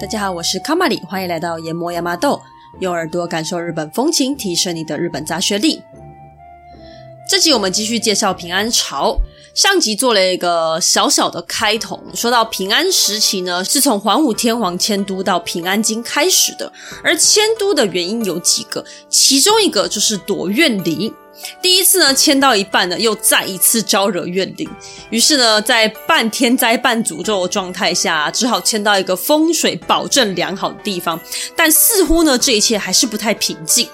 大家好，我是卡瑪里，歡迎來到研磨牙麻豆，用耳朵感受日本風情，提升你的日本雜學力。這集我們繼續介紹平安朝，上集做了一個小小的開頭，說到平安時期呢，是從桓武天皇遷都到平安京開始的，而遷都的原因有幾個，其中一個就是躲怨靈。第一次呢，遷到一半呢，又再一次招惹怨靈，於是呢，在半天災半詛咒的狀態下，只好遷到一個風水保證良好的地方。但似乎呢，這一切還是不太平靜。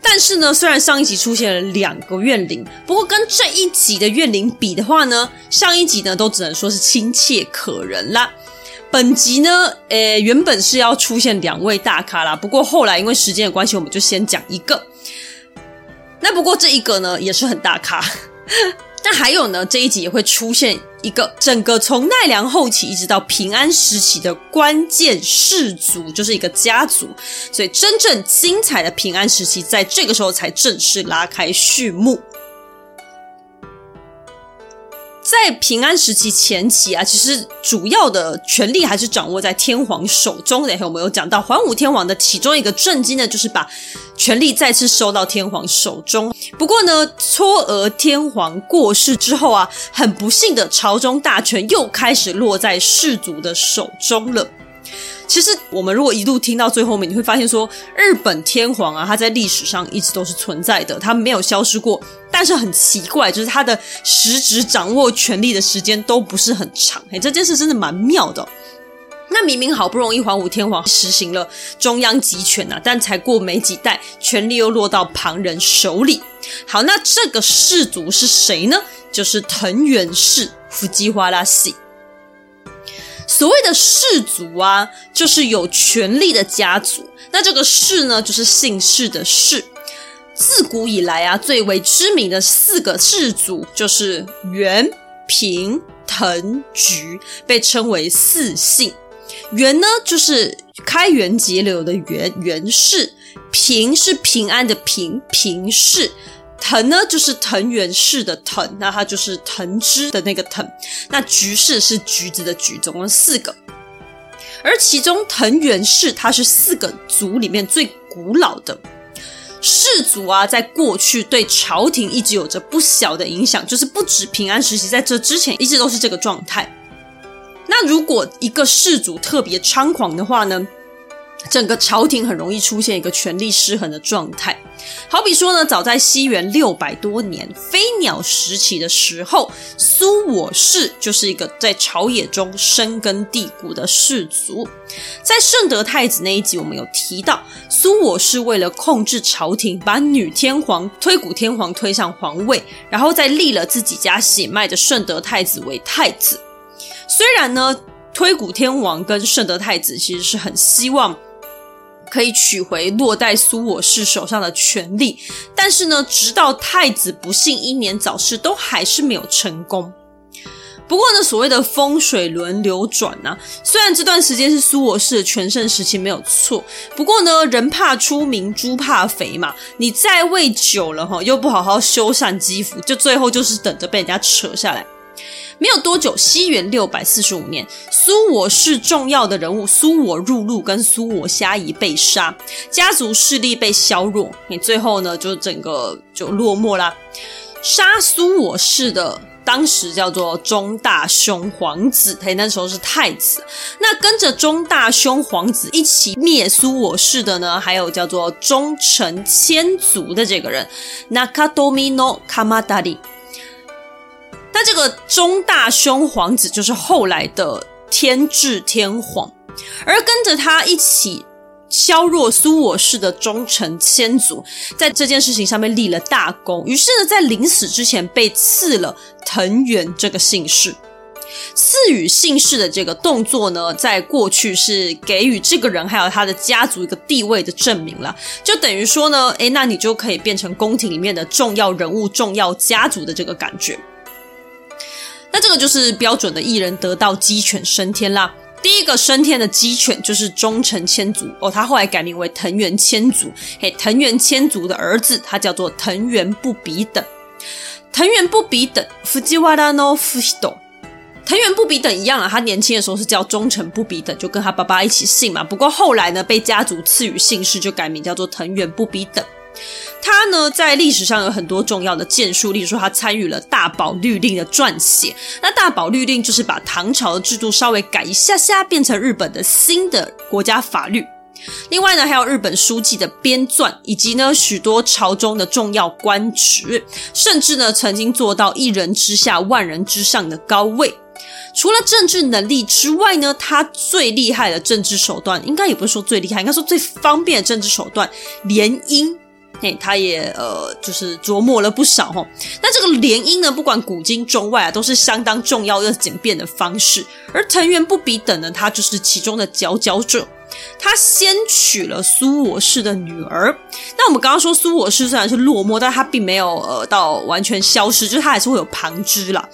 但是呢，雖然上一集出現了兩個怨靈，不過跟這一集的怨靈比的話呢，上一集呢都只能說是親切可人啦。本集呢，呃，原本是要出現兩位大咖啦，不過後來因為時間的關係，我們就先講一個。那不過這一個呢也是很大咖， 那還有呢，這一集也會出現一個整個從奈良後期一直到平安時期的關鍵氏族，就是一個家族，所以真正精彩的平安時期在這個時候才正式拉開序幕。在平安時期前期啊，其實主要的權力還是掌握在天皇手中的，我們有講到桓武天皇的其中一個政績呢，就是把權力再次收到天皇手中。不過呢，嵯峨天皇過世之後啊，很不幸的，朝中大權又開始落在氏族的手中了。其實我們如果一路聽到最後面，你會發現說，日本天皇啊，他在歷史上一直都是存在的，他沒有消失過。但是很奇怪，就是他的實質掌握權力的時間都不是很長。哎，這件事真的蠻妙的哦。那明明好不容易桓武天皇實行了中央集權吶啊，但才過沒幾代，權力又落到旁人手裡。好，那這個氏族是誰呢？就是藤原氏、Fujiwara 氏。所謂的氏族啊，就是有權力的家族。那這個氏呢，就是姓氏的氏。自古以來啊，最為知名的四個氏族就是源、平、藤、橘，被稱為四姓。源呢，就是開源節流的源；源氏；平是平安的平平氏。藤呢，就是藤原氏的藤，那它就是藤枝的那個藤。那橘氏是橘子的橘，總共四個。而其中藤原氏，它是四個族裡面最古老的氏族啊，在過去對朝廷一直有着不小的影響，就是不止平安時期，在這之前一直都是這個狀態。那如果一個氏族特別猖狂的話呢？整個朝廷很容易出現一個權力失衡的狀態。好比說呢，早在西元六百多年飛鳥時期的時候，蘇我氏就是一個在朝野中根深蒂固的氏族。在聖德太子那一集，我們有提到，蘇我氏為了控制朝廷，把女天皇推古天皇推向皇位，然後再立了自己家血脈的聖德太子為太子。雖然呢，推古天皇跟聖德太子其實是很希望可以取回落在蘇我氏手上的權力，但是呢，直到太子不幸英年早逝，都還是沒有成功。不過呢，所謂的風水輪流轉呢、啊，雖然這段時間是蘇我氏的全盛時期沒有錯，不過呢，人怕出名豬怕肥嘛，你在位久了哈，又不好好修繕積福，就最後就是等着被人家扯下來。沒有多久，西元六百四十五年，蘇我氏重要的人物蘇我入鹿跟蘇我蝦夷被殺，家族勢力被削弱，你最後呢就整個就落寞啦。殺蘇我氏的當時叫做中大兄皇子，他那時候是太子。那跟着中大兄皇子一起滅蘇我氏的呢，還有叫做中臣鎌足的這個人，Nakatomi no Kamatari。那這個中大兄皇子就是後來的天智天皇，而跟着他一起削弱蘇我氏的中臣鎌足，在這件事情上面立了大功，於是呢，在臨死之前被賜了藤原這個姓氏。賜予姓氏的這個動作呢，在過去是給予這個人還有他的家族一個地位的證明了，就等於說呢，誒，那你就可以變成宮廷裡面的重要人物、重要家族的這個感覺。那這個就是標準的一人得道雞犬升天啦。第一個升天的雞犬就是中臣千足哦，他後來改名為藤原千足。嘿，藤原千足的兒子，他叫做藤原不比等。藤原不比等 Fujiwara no Fuhito 藤原不比等，等，等一樣啊，他年輕的時候是叫中臣不比等，就跟他爸爸一起姓嘛。不過後來呢，被家族賜予姓氏，就改名叫做藤原不比等。他呢，在歷史上有很多重要的建樹，例如說他參與了《大寶律令》的撰寫。那《大寶律令》就是把唐朝的制度稍微改一下下，變成日本的新的國家法律。另外呢，還有日本書紀的編撰，以及呢許多朝中的重要官職，甚至呢曾經做到一人之下、萬人之上的高位。除了政治能力之外呢，他最厲害的政治手段，應該也不是說最厲害，應該說最方便的政治手段——聯姻。嘿，他也呃，就是琢磨了不少吼。那這個聯姻呢，不管古今中外啊，都是相當重要又簡便的方式。而藤原不比等呢，他就是其中的佼佼者。他先娶了蘇我氏的女兒。那我們剛剛說蘇我氏雖然是落寞，但他並沒有呃到完全消失，就是他還是會有旁支啦。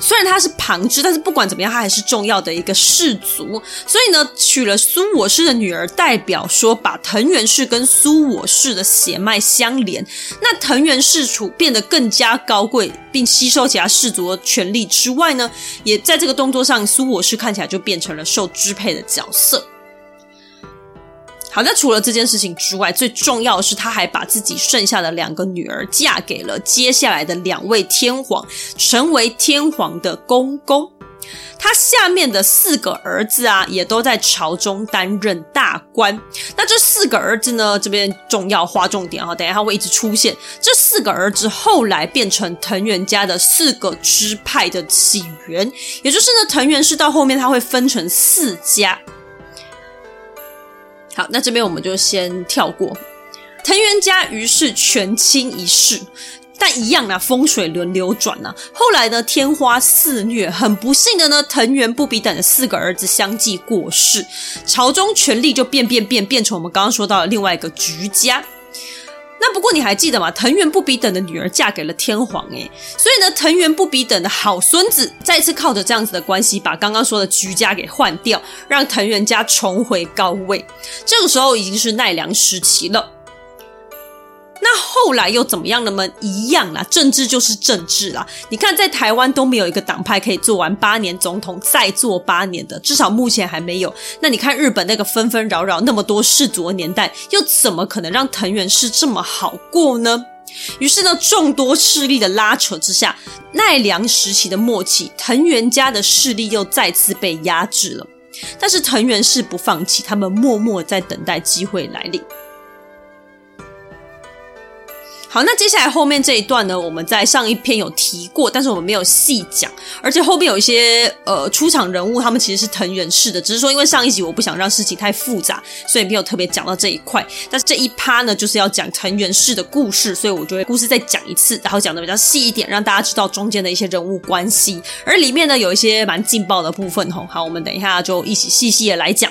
雖然他是旁支，但是不管怎麼樣，他還是重要的一個氏族。所以呢，娶了蘇我氏的女兒，代表說把藤原氏跟蘇我氏的血脈相連，那藤原氏除變得更加高貴，並吸收其他氏族的權力之外呢，也在這個動作上，蘇我氏看起來就變成了受支配的角色。好，那除了這件事情之外，最重要的是，他還把自己剩下的兩個女兒嫁給了接下來的兩位天皇，成為天皇的公公。他下面的四個兒子啊，也都在朝中擔任大官。那這四個兒子呢？這邊重要劃重點啊、哦，等一下他會一直出現。這四個兒子後來變成藤原家的四個支派的起源，也就是呢，藤原氏到後面他會分成四家。好，那這邊我們就先跳過。藤原家於是權傾一世，但一樣啦、啊，風水輪流轉啦、啊，後來呢，天花肆虐，很不幸的呢，藤原不比等四個兒子相繼過世，朝中權力就變變變，變成我們剛剛說到的另外一個橘家。那不過你還記得嗎？藤原不比等的女兒嫁給了天皇，誒。所以呢，藤原不比等的好孫子再次靠着這樣子的關係，把剛剛說的橘家給換掉，讓藤原家重回高位。這個時候已經是奈良時期了。那後來又怎麼樣了嗎？一樣啦，政治就是政治啦。你看，在台灣都沒有一個黨派可以做完八年總統再做八年的，至少目前還沒有。那你看日本那個紛紛擾擾那麼多氏族的年代，又怎麼可能讓藤原氏這麼好過呢？於是呢，眾多勢力的拉扯之下，奈良時期的末期，藤原家的勢力又再次被壓制了。但是藤原氏不放棄，他們默默在等待機會來臨。好，那接下來後面這一段呢，我們在上一篇有提過，但是我們沒有細講，而且後面有一些呃出場人物，他們其實是藤原氏的，只是說因為上一集我不想讓事情太複雜，所以沒有特別講到這一塊。但是這一趴呢，就是要講藤原氏的故事，所以我就會故事再講一次，然後講得比較細一點，讓大家知道中間的一些人物關係。而裡面呢，有一些蠻勁爆的部分吼，好，我們等一下就一起細細的來講。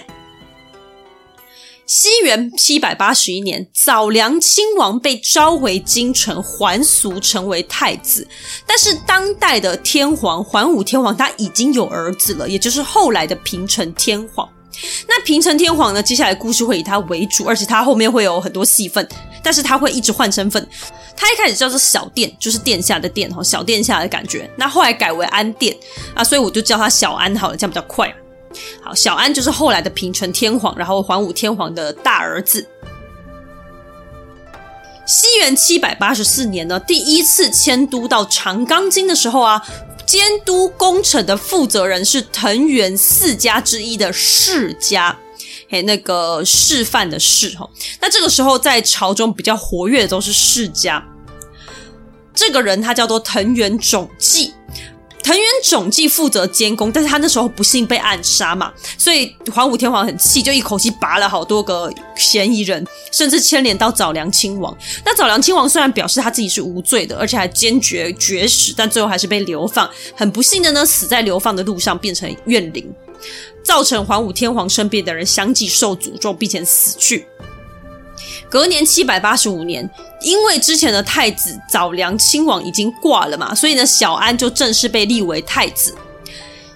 西元七百八十一年，早良親王被召回京城還俗，成為太子。但是當代的天皇桓武天皇他已經有兒子了，也就是後來的平城天皇。那平城天皇呢？接下來故事會以他為主，而且他後面會有很多戲份，但是他會一直換身份。他一開始叫做小殿，就是殿下的殿哈，小殿下的感覺。那後來改為安殿啊，所以我就叫他小安好了，這樣比較快。好，小安就是後來的平城天皇，然後桓武天皇的大兒子。西元七百八十四年呢，第一次遷都到長岡京的時候啊，監督工程的負責人是藤原四家之一的式家，嘿，那個示範的式吼。那這個時候在朝中比較活躍的都是式家。這個人他叫做藤原種繼。藤原種繼負責監工，但是他那時候不幸被暗殺嘛，所以桓武天皇很氣，就一口氣拔了好多個嫌疑人，甚至牽連到早良親王。那早良親王雖然表示他自己是無罪的，而且還堅決絕食，但最後還是被流放。很不幸的呢，死在流放的路上，變成怨靈，造成桓武天皇身邊的人相繼受詛咒，並且死去。隔年七百八十五年，因為之前的太子早良親王已經掛了嘛，所以呢，小安就正式被立為太子。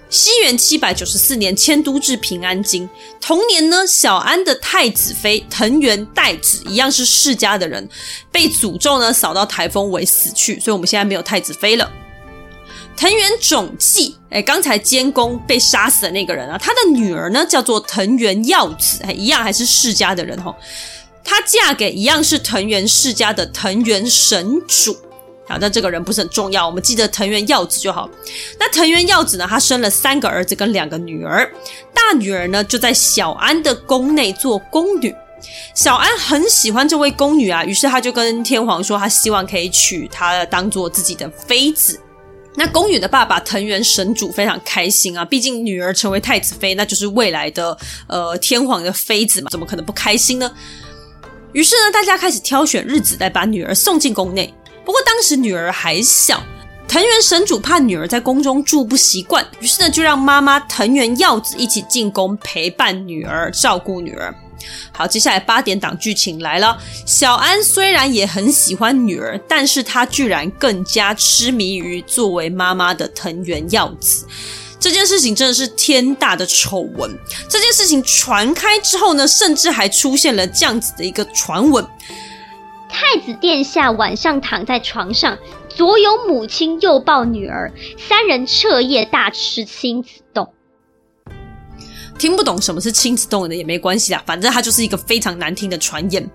西元七百九十四年，遷都至平安京。同年呢，小安的太子妃藤原代子，一樣是世家的人，被詛咒呢掃到台風尾死去，所以我們現在沒有太子妃了。藤原種繼，哎，剛才監工被殺死的那個人啊，他的女兒呢叫做藤原藥子，哎，一樣還是世家的人吼、哦。她嫁給一樣是藤原世家的藤原神主。好，那這個人不是很重要，我們記得藤原藥子就好。那藤原藥子呢，她生了三個兒子跟兩個女兒，大女兒呢就在小安的宮內做宮女，小安很喜歡這位宮女啊，於是他就跟天皇說，他希望可以娶她當做自己的妃子。那宮女的爸爸藤原神主非常開心啊，畢竟女兒成為太子妃，那就是未來的呃天皇的妃子嘛，怎麼可能不開心呢？於是呢，大家開始挑選日子來把女兒送進宮內。不過當時女兒還小，藤原神主怕女兒在宮中住不習慣，於是呢就讓媽媽藤原耀子一起進宮陪伴女兒，照顧女兒。好，接下來八點檔劇情來了。小安雖然也很喜歡女兒，但是她居然更加痴迷於作為媽媽的藤原耀子。這件事情真的是天大的醜聞。這件事情傳開之後呢，甚至還出現了這樣子的一個傳聞：太子殿下晚上躺在床上，左有母親，右抱女兒，三人徹夜大吃親子丼。聽不懂什麼是親子動人的也沒關係啦，反正他就是一個非常難聽的傳言。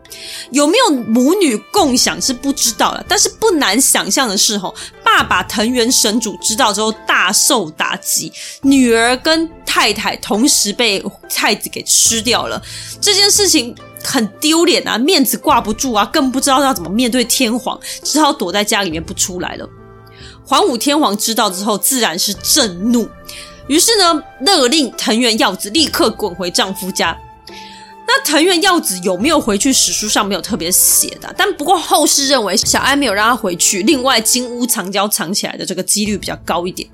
有沒有母女共享是不知道了，但是不難想象的是，吼，爸爸藤原神主知道之後大受打擊，女兒跟太太同時被太子給吃掉了，這件事情很丟臉啊，面子掛不住啊，更不知道要怎麼面對天皇，只好躲在家裡面不出來了。桓武天皇知道之後，自然是震怒。於是呢，勒令藤原藥子立刻滾回丈夫家。那藤原藥子有沒有回去？史書上沒有特別寫的，但不過後世認為小安沒有讓他回去。另外，金屋藏嬌藏起來的這個幾率比較高一點。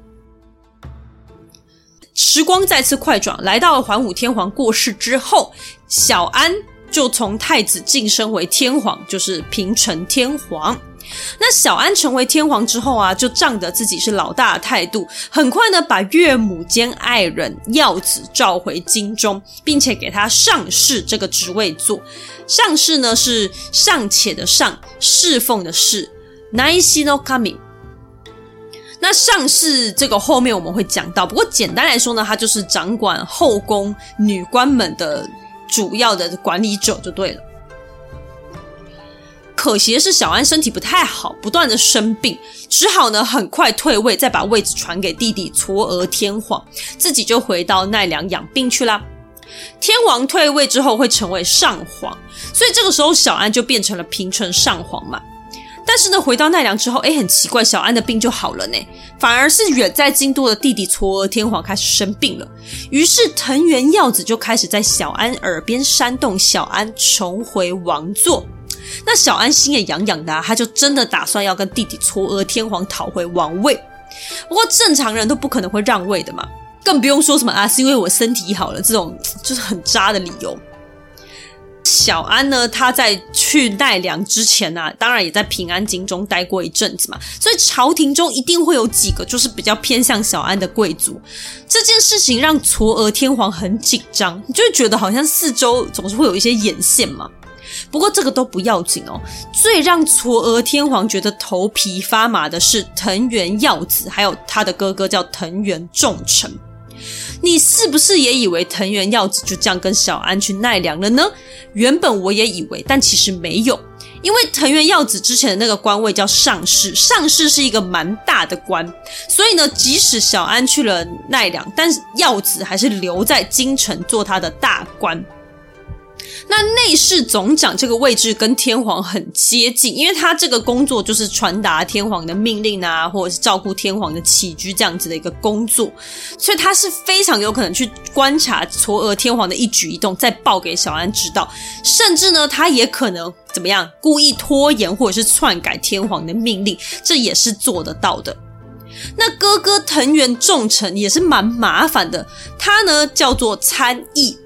時光再次快轉，來到了桓武天皇過世之後，小安就從太子晉升為天皇，就是平城天皇。那小安成為天皇之後啊，就仗着自己是老大的態度，很快呢把岳母兼愛人藥子召回京中，並且給他尚侍這個職位做。尚侍呢是尚且的尚，侍奉的侍，naisinokami。那尚侍這個後面我們會講到，不過簡單來說呢，他就是掌管後宮女官們的主要的管理者就對了。可惜的是小安身體不太好，不斷的生病，只好呢很快退位，再把位置傳給弟弟嵯峨天皇，自己就回到奈良養病去啦。天皇退位之後會成為上皇，所以這個時候小安就變成了平城上皇嘛。但是呢，回到奈良之後，哎，很奇怪，小安的病就好了呢，反而是遠在京都的弟弟嵯峨天皇開始生病了。於是藤原藥子就開始在小安耳邊煽動小安重回王座。那小安心也癢癢的、啊，他就真的打算要跟弟弟嵯峨天皇討回王位。不過正常人都不可能會讓位的嘛，更不用說什麼啊，是因為我身體好了這種就是很渣的理由。小安呢，他在去奈良之前呢、啊，當然也在平安京中待過一陣子嘛，所以朝廷中一定會有幾個就是比較偏向小安的貴族。這件事情讓嵯峨天皇很緊張，你就會覺得好像四周總是會有一些眼線嘛。不過這個都不要緊哦。最讓嵯峨天皇覺得頭皮發麻的是藤原耀子，還有他的哥哥叫藤原仲成。你是不是也以為藤原耀子就這樣跟小安去奈良了呢？原本我也以為，但其實沒有，因為藤原耀子之前的那個官位叫上士，上士是一個蠻大的官，所以呢，即使小安去了奈良，但是耀子還是留在京城做他的大官。那內侍總長這個位置跟天皇很接近，因為他這個工作就是傳達天皇的命令啊，或者是照顧天皇的起居這樣子的一個工作，所以他是非常有可能去觀察嵯峨天皇的一舉一動，再報給小安知道。甚至呢，他也可能怎麼樣，故意拖延或者是篡改天皇的命令，這也是做得到的。那哥哥藤原重臣也是蠻麻煩的，他呢，叫做參議。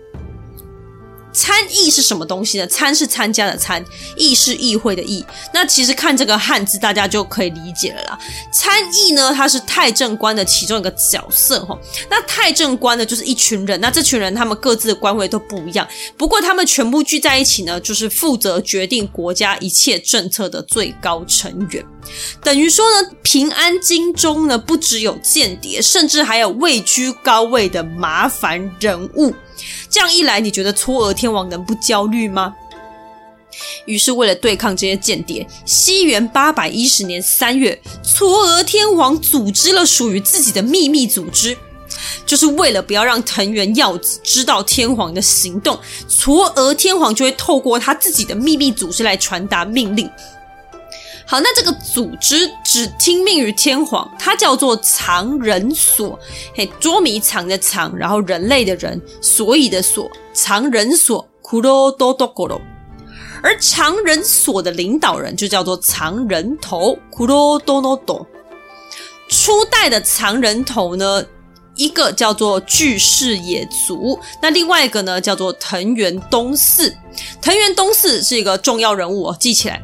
參議是什麼東西呢？參是參加的參，議是議會的議。那其實看這個漢字，大家就可以理解了啦。參議呢，它是太政官的其中一個角色齁。那太政官呢，就是一群人。那這群人他們各自的官位都不一樣，不過他們全部聚在一起呢，就是負責決定國家一切政策的最高成員。等於說呢，平安京中呢，不只有間諜，甚至還有位居高位的麻煩人物。這樣一來，你覺得嵯峨天皇能不焦慮嗎？於是，為了對抗這些間諜，西元八百一十年三月，嵯峨天皇組織了屬於自己的秘密組織，就是為了不要讓藤原藥子知道天皇的行動，嵯峨天皇就會透過他自己的秘密組織來傳達命令。好，那這個組織只聽命於天皇，它叫做藏人所，嘿，捉迷藏的藏，然後人類的人，所以的所，藏人所。くろうどどころ。而藏人所的領導人就叫做藏人頭。くろうどのとう。初代的藏人頭呢，一個叫做巨勢野足，那另外一個呢叫做藤原冬嗣。藤原冬嗣是一個重要人物哦，記起來。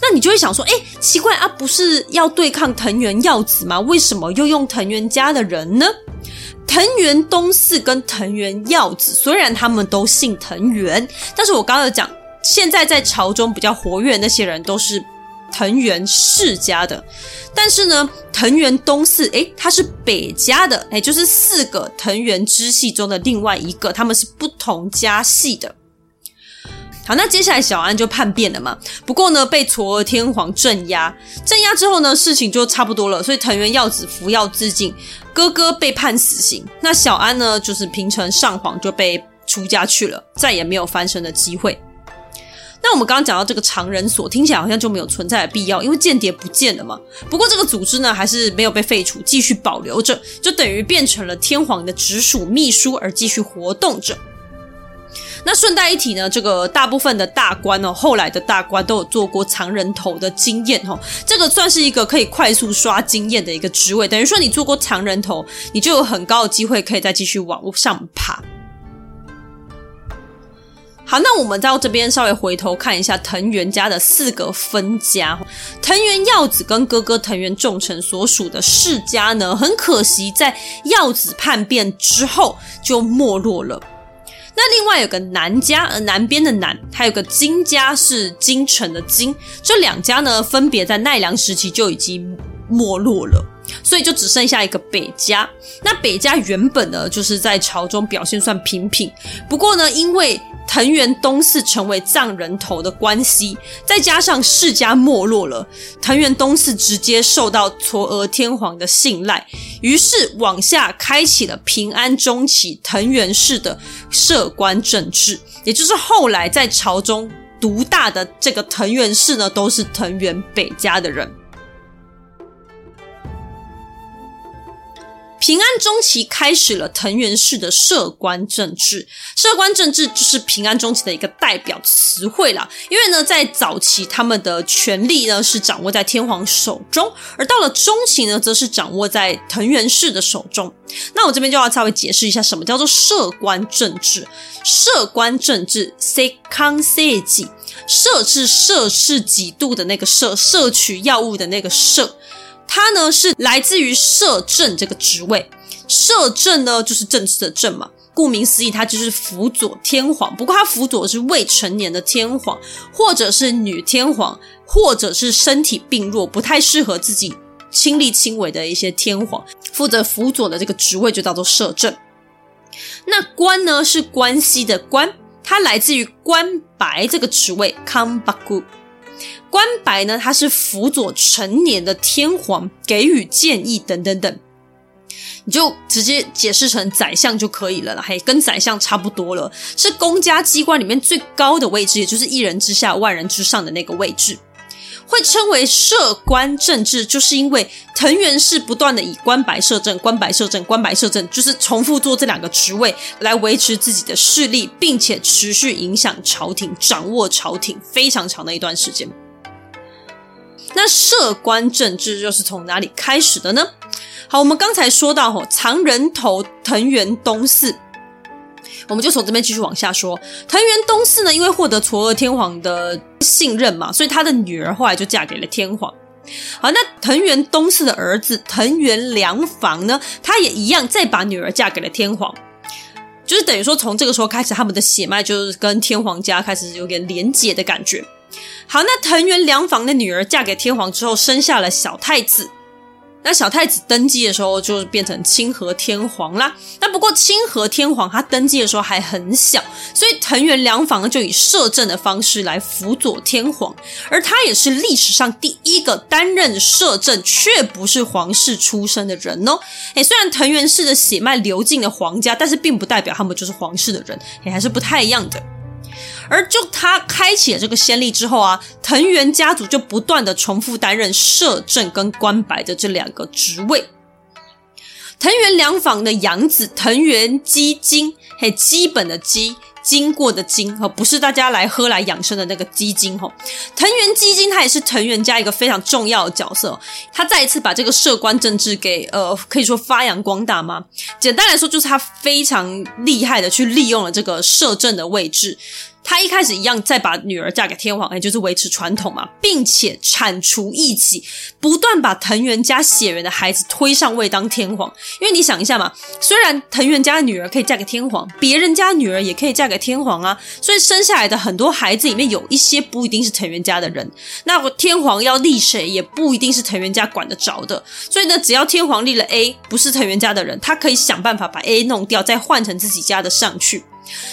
那你就會想說，哎，奇怪啊，不是要對抗藤原藥子嗎？為什麼又用藤原家的人呢？藤原冬嗣跟藤原藥子雖然他們都姓藤原，但是我剛剛有講，現在在朝中比較活躍的那些人都是藤原世家的，但是呢，藤原冬嗣，誒，他是北家的，誒，就是四個藤原支系中的另外一個，他們是不同家系的。好，那接下來小安就叛變了嘛。不過呢，被嵯峨天皇鎮壓，鎮壓之後呢，事情就差不多了。所以藤原藥子服藥自盡，哥哥被判死刑。那小安呢，就是平城上皇就被出家去了，再也沒有翻身的機會。那我們剛剛講到這個常人所，聽起來好像就沒有存在的必要，因為間諜不見了嘛。不過這個組織呢，還是沒有被廢除，繼續保留着，就等於變成了天皇的直屬秘書而繼續活動着。那順帶一提呢，這個大部分的大官哦，後來的大官都有做過藏人頭的經驗哦，這個算是一個可以快速刷經驗的一個職位，等於說你做過藏人頭，你就有很高的機會可以再繼續往上爬。好，那我們到這邊稍微回頭看一下藤原家的四個分家，藤原藥子跟哥哥藤原仲成所屬的式家呢，很可惜在藥子叛變之後就沒落了。那另外有個南家，而、呃、南邊的南，還有個京家是京城的京，這兩家呢，分別在奈良時期就已經沒落了，所以就只剩下一個北家。那北家原本呢，就是在朝中表現算平平，不過呢，因為藤原冬嗣成為藏人頭的關係，再加上世家沒落了，藤原冬嗣直接受到嵯峨天皇的信賴，於是往下開啟了平安中期藤原氏的攝關政治，也就是後來在朝中獨大的這個藤原氏呢，都是藤原北家的人。平安中期開始了藤原氏的攝關政治，攝關政治就是平安中期的一個代表詞彙啦，因為呢，在早期他們的權力呢是掌握在天皇手中，而到了中期呢，則是掌握在藤原氏的手中。那我這邊就要稍微解釋一下，什麼叫做攝關政治？攝關政治 s e i k a n s e i j i 攝是攝氏幾度的那個攝，攝取藥物的那個攝。它呢是來自於攝政這個職位，攝政呢就是政治的政嘛，顧名思義，它就是輔佐天皇。不過它輔佐的是未成年的天皇，或者是女天皇，或者是身體病弱、不太適合自己親力親為的一些天皇，負責輔佐的這個職位就叫做攝政。那關呢是關西的關，它來自於關白這個職位，康巴古。關白呢，他是輔佐成年的天皇，給予建議等等等，你就直接解釋成宰相就可以了啦，嘿，跟宰相差不多了，是公家機關裡面最高的位置，也就是一人之下，萬人之上的那個位置。會稱為攝關政治，就是因為藤原氏不斷的以關白攝政、關白攝政、關白攝政，就是重複做這兩個職位，來維持自己的勢力，並且持續影響朝廷，掌握朝廷非常長的一段時間。那攝關政治又是從哪裡開始的呢？好，我們剛才說到哦，藏人頭藤原冬嗣。我們就從這邊繼續往下說，藤原冬嗣呢，因為獲得嵯峨天皇的信任嘛，所以他的女兒後來就嫁給了天皇。好，那藤原冬嗣的兒子藤原良房呢，他也一樣再把女兒嫁給了天皇，就是等於說從這個時候開始，他們的血脈就是跟天皇家開始有點連結的感覺。好，那藤原良房的女兒嫁給天皇之後，生下了小太子。那小太子登基的時候就變成清和天皇啦。那不過清和天皇他登基的時候還很小，所以藤原良房就以攝政的方式來輔佐天皇，而他也是歷史上第一個擔任攝政，卻不是皇室出身的人哦。哎，雖然藤原氏的血脈流進了皇家，但是並不代表他們就是皇室的人，也還是不太一樣的。而就他開啟了這個先例之後啊，藤原家族就不斷地重複擔任攝政跟關白的這兩個職位。藤原良房的養子藤原基經，嘿，基本的基，經過的經，不是大家來喝來養生的那個雞精。藤原基經，他也是藤原家一個非常重要的角色，他再一次把這個攝關政治給呃，可以說發揚光大嗎？簡單來說，就是他非常厲害的去利用了這個攝政的位置。他一開始一樣，再把女兒嫁給天皇，也就是維持傳統嘛，並且鏟除異己，不斷把藤原家血緣的孩子推上位當天皇。因為你想一下嘛，雖然藤原家的女兒可以嫁給天皇，別人家女兒也可以嫁給天皇啊，所以生下來的很多孩子裡面有一些不一定是藤原家的人。那天皇要立誰，也不一定是藤原家管得着的。所以呢，只要天皇立了 A，不是藤原家的人，他可以想辦法把 A 弄掉，再換成自己家的上去。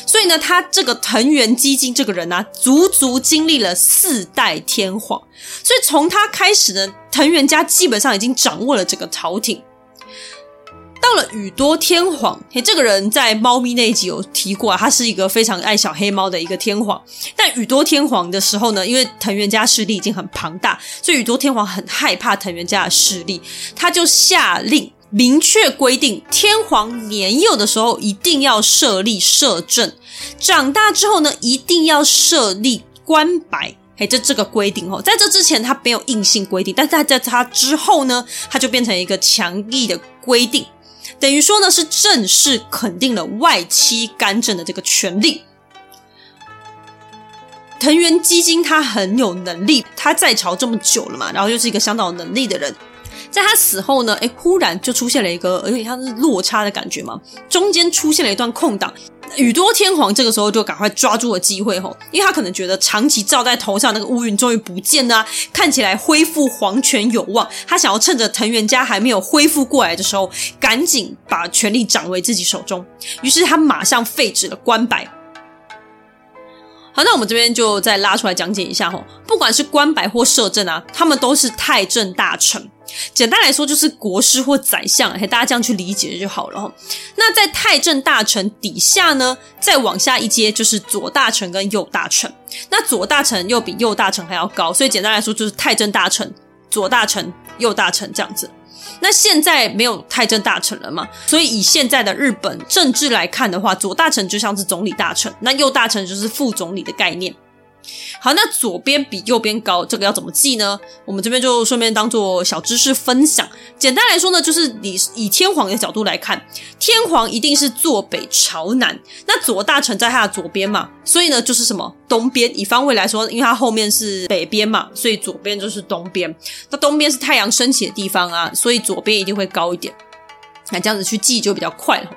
所以呢，他這個藤原基經這個人呢、啊，足足經歷了四代天皇。所以從他開始呢，藤原家基本上已經掌握了整個朝廷。到了宇多天皇、欸，這個人在貓咪那一集有提過、啊，他是一個非常愛小黑貓的一個天皇。但宇多天皇的時候呢，因為藤原家勢力已經很龐大，所以宇多天皇很害怕藤原家的勢力，他就下令。明確規定，天皇年幼的時候一定要設立攝政，長大之後呢，一定要設立關白。誒，這這個規定哦，在這之前他沒有硬性規定，但在在他之後呢，他就變成一個強力的規定，等於說呢，是正式肯定了外戚干政的這個權利。藤原基金他很有能力，他在朝這麼久了嘛，然後又是一個相當有能力的人。在他死後呢誒？忽然就出現了一個，而且像是落差的感覺嘛，中間出現了一段空檔。宇多天皇這個時候就趕快抓住了機會，吼，因為他可能覺得長期罩在頭上那個烏雲終於不見了，看起來恢復皇權有望。他想要趁着藤原家還沒有恢復過來的時候，趕緊把權力掌為自己手中。於是他馬上廢止了關白。好，那我們這邊就再拉出來講解一下哈。不管是關白或攝政啊，他們都是太政大臣。簡單來說，就是國師或宰相，嘿，大家這樣去理解就好了哈。那在太政大臣底下呢，再往下一階就是左大臣跟右大臣。那左大臣又比右大臣還要高，所以簡單來說就是太政大臣、左大臣、右大臣這樣子。那現在沒有太政大臣了嘛，所以以現在的日本政治來看的話，左大臣就像是總理大臣，那右大臣就是副總理的概念。好，那左邊比右邊高，這個要怎麼記呢？我們這邊就順便當做小知識分享。簡單來說呢，就是以以天皇的角度來看，天皇一定是坐北朝南。那左大臣在他的左邊嘛，所以呢就是什麼東邊。以方位來說，因為它後面是北邊嘛，所以左邊就是東邊。那東邊是太陽升起的地方啊，所以左邊一定會高一點。那、啊、這樣子去記就比較快了。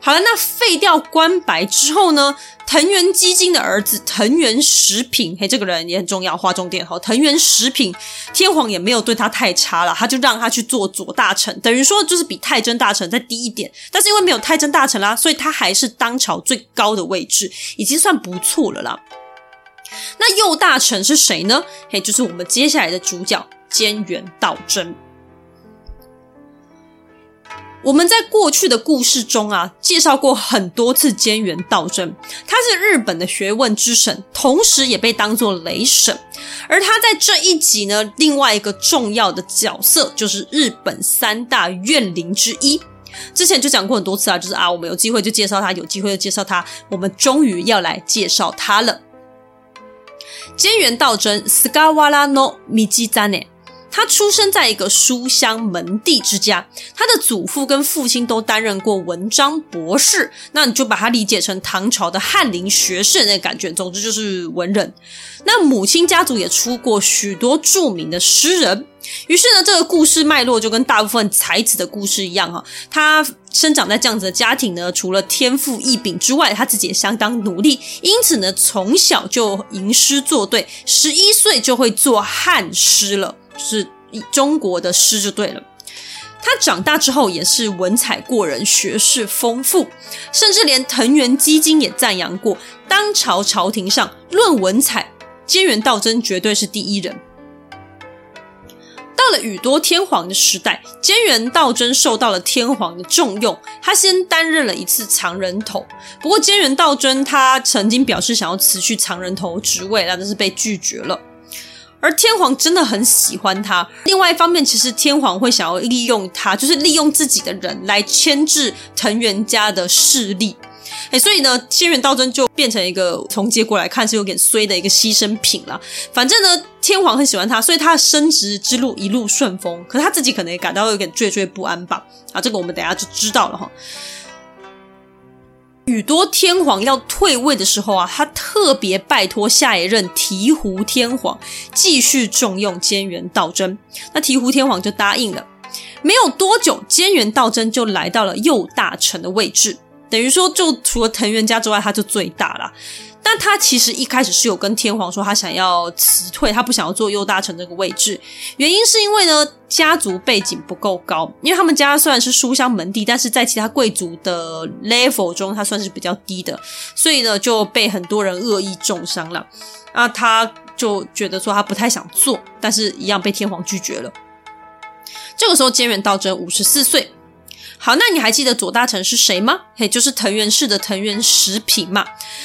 好了，那廢掉關白之後呢？藤原基經的兒子藤原時平，嘿，這個人也很重要，劃重點哈。藤原時平，天皇也沒有對他太差了，他就讓他去做左大臣，等於說就是比太政大臣再低一點。但是因為沒有太政大臣啦，所以他還是當朝最高的位置，已經算不錯了啦。那右大臣是誰呢？嘿，就是我們接下來的主角菅原道真。我們在過去的故事中啊，介紹過很多次菅原道真，他是日本的學問之神，同時也被當作雷神。而他在這一集呢，另外一個重要的角色就是日本三大怨靈之一。之前就講過很多次啊，就是啊，我們有機會就介紹他，有機會就介紹他，我們終於要來介紹他了。菅原道真，スガワラの道真。他出生在一個書香門第之家，他的祖父跟父親都擔任過文章博士，那你就把他理解成唐朝的翰林學士那感覺。總之就是文人。那母親家族也出過許多著名的詩人。於是呢，這個故事脈絡就跟大部分才子的故事一樣哈。他生長在這樣子的家庭呢，除了天賦異稟之外，他自己也相當努力，因此呢，從小就吟詩作對，十一歲就會做漢詩了。就是以中國的詩就對了。他長大之後也是文采過人，學識豐富，甚至連藤原基金也贊揚過。當朝朝廷上論文采，菅原道真絕對是第一人。到了宇多天皇的時代，菅原道真受到了天皇的重用，他先擔任了一次藏人頭。不過，菅原道真他曾經表示想要辭去藏人頭職位，但是被拒絕了。而天皇真的很喜歡他。另外一方面，其實天皇會想要利用他，就是利用自己的人來牽制藤原家的勢力。哎，所以呢，菅原道真就變成一個從結果來看是有點衰的一個犧牲品了。反正呢，天皇很喜歡他，所以他的升職之路一路順風。可是他自己可能也感到有點惴惴不安吧。啊，這個我們等下就知道了哈。宇多天皇要退位的時候啊，他特別拜託下一任醍醐天皇繼續重用菅原道真，那醍醐天皇就答應了。沒有多久，菅原道真就來到了右大臣的位置，等於說，就除了藤原家之外，他就最大了。那他其實一開始是有跟天皇說他想要辭退，他不想要做右大臣這個位置，原因是因為呢家族背景不夠高，因為他們家雖然是書香門第，但是在其他貴族的 level 中，他算是比較低的，所以呢就被很多人惡意中傷了。啊，他就覺得說他不太想做，但是一樣被天皇拒絕了。這個時候，菅原道真五十四歲。好，那你還記得左大臣是誰嗎？嘿、hey，就是藤原氏的藤原時平嘛。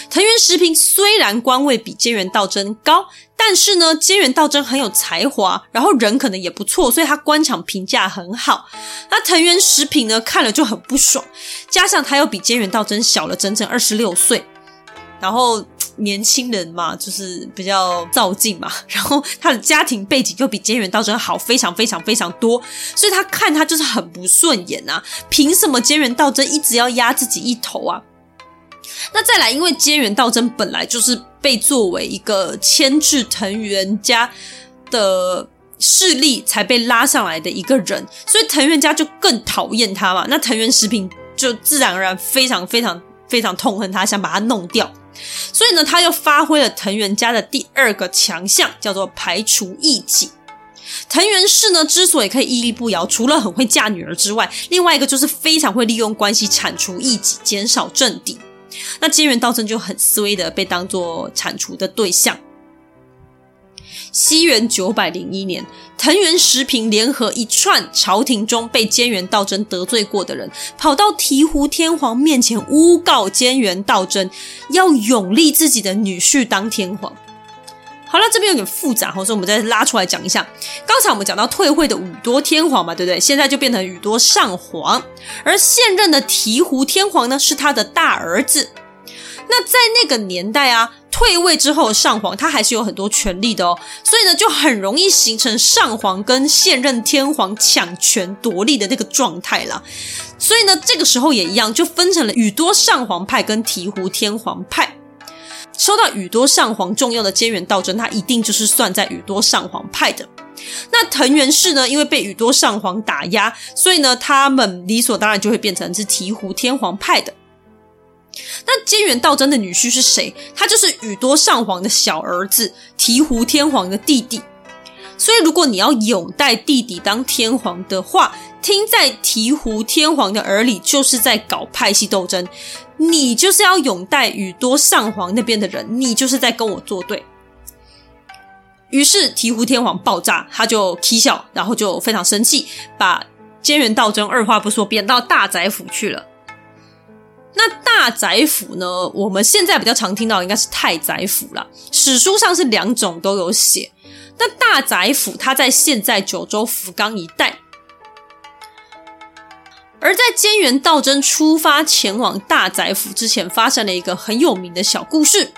藤原時平雖然官位比菅原道真高，但是呢，菅原道真很有才華，然後人可能也不錯，所以他官場評價很好。那藤原時平呢，看了就很不爽，加上他又比菅原道真小了整整二十六歲。然後年輕人嘛，就是比較躁進嘛。然後他的家庭背景又比菅原道真好，非常非常非常多，所以他看他就是很不順眼啊！憑什麼菅原道真一直要壓自己一頭啊？那再來，因為菅原道真本來就是被作為一個牽制藤原家的勢力才被拉上來的一個人，所以藤原家就更討厭他嘛。那藤原時平就自然而然非常非常非常痛恨他，想把他弄掉。所以呢，他又發揮了藤原家的第二個強項，叫做排除異己。藤原氏呢，之所以可以屹立不搖，除了很會嫁女兒之外，另外一個就是非常會利用關係剷除異己，減少政敵。那菅原道真就很衰的被當做剷除的對象。西元九百零一年，藤原時平聯合一串朝廷中被菅原道真得罪過的人，跑到醍醐天皇面前誣告菅原道真，要擁立自己的女婿當天皇。好了，這邊有點複雜，好，所以我們再拉出來講一下。剛才我們講到退位的宇多天皇嘛，對不對？現在就變成宇多上皇，而現任的醍醐天皇呢，是他的大兒子。那在那個年代啊，退位之後的上皇他還是有很多權力的哦，所以呢，就很容易形成上皇跟現任天皇搶權奪利的那個狀態啦。所以呢，這個時候也一樣，就分成了宇多上皇派跟醍醐天皇派。說到宇多上皇重要的菅原道真，他一定就是算在宇多上皇派的。那藤原氏呢，因為被宇多上皇打壓，所以呢，他們理所當然就會變成是醍醐天皇派的。那菅原道真的女婿是誰？他就是宇多上皇的小兒子，醍醐天皇的弟弟。所以，如果你要擁戴弟弟當天皇的話，聽在醍醐天皇的耳裡，就是在搞派系鬥爭。你就是要擁戴宇多上皇那邊的人，你就是在跟我作對。於是，醍醐天皇爆炸，他就踢笑，然後就非常生氣，把菅原道真二話不說貶到大宰府去了。那大宰府呢？我們現在比較常聽到的應該是太宰府了。史書上是兩種都有寫。那大宰府它在現在九州福岡一帶，而在菅原道真出發前往大宰府之前，發生了一個很有名的小故事。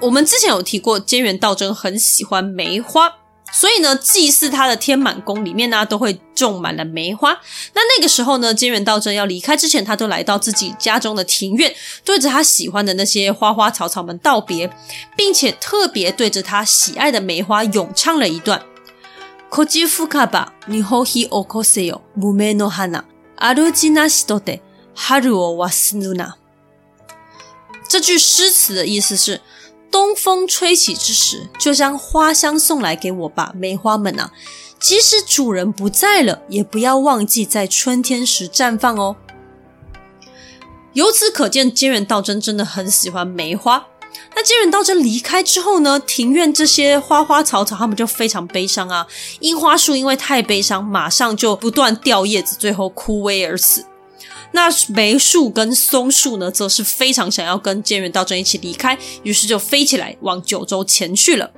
我們之前有提過，菅原道真很喜歡梅花。所以呢，祭祀他的天滿宮裡面呢、啊，都會種滿了梅花。那那個時候呢，菅原道真要離開之前，他都來到自己家中的庭院，對着他喜歡的那些花花草草們道別，並且特別對着他喜愛的梅花詠唱了一段。東風吹かばにほひおこせよ梅の花あるじなしとて春を忘るな。這句詩詞的意思是。東風吹起之時，就將花香送來給我吧，梅花們啊！即使主人不在了，也不要忘記在春天時綻放哦。由此可見，菅原道真真的很喜歡梅花。那菅原道真離開之後呢，庭院這些花花草草，他們就非常悲傷啊！櫻花樹因為太悲傷，馬上就不斷掉葉子，最後枯萎而死。那梅樹跟松樹呢，則是非常想要跟菅原道真一起離開，於是就飛起來往九州前去了。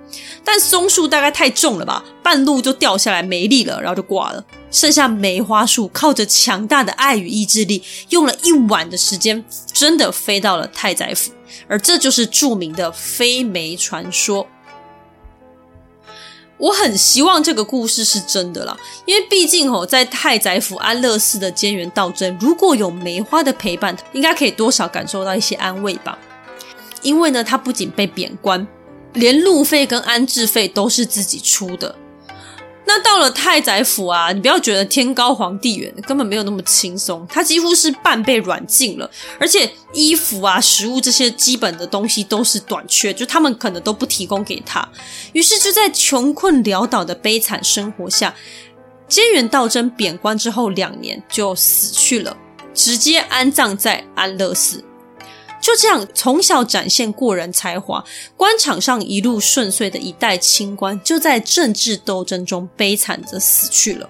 但松樹大概太重了吧，半路就掉下來沒力了，然後就掛了。剩下梅花樹靠着強大的愛與意志力，用了一晚的時間，真的飛到了太宰府。而這就是著名的飛梅傳說。我很希望這個故事是真的啦，因為畢竟哦，在太宰府安樂寺的菅原道真，如果有梅花的陪伴，應該可以多少感受到一些安慰吧。因為呢，他不僅被貶官，連路費跟安置費都是自己出的。那到了太宰府啊，你不要覺得天高皇帝遠，根本沒有那麼輕鬆。他幾乎是半被軟禁了，而且衣服啊、食物這些基本的東西都是短缺，就他們可能都不提供給他。於是就在窮困潦倒的悲慘生活下，菅原道真貶官之後兩年就死去了，直接安葬在安樂寺。就這樣，從小展現過人才華、官場上一路順遂的一代清官，就在政治鬥爭中悲慘的死去了。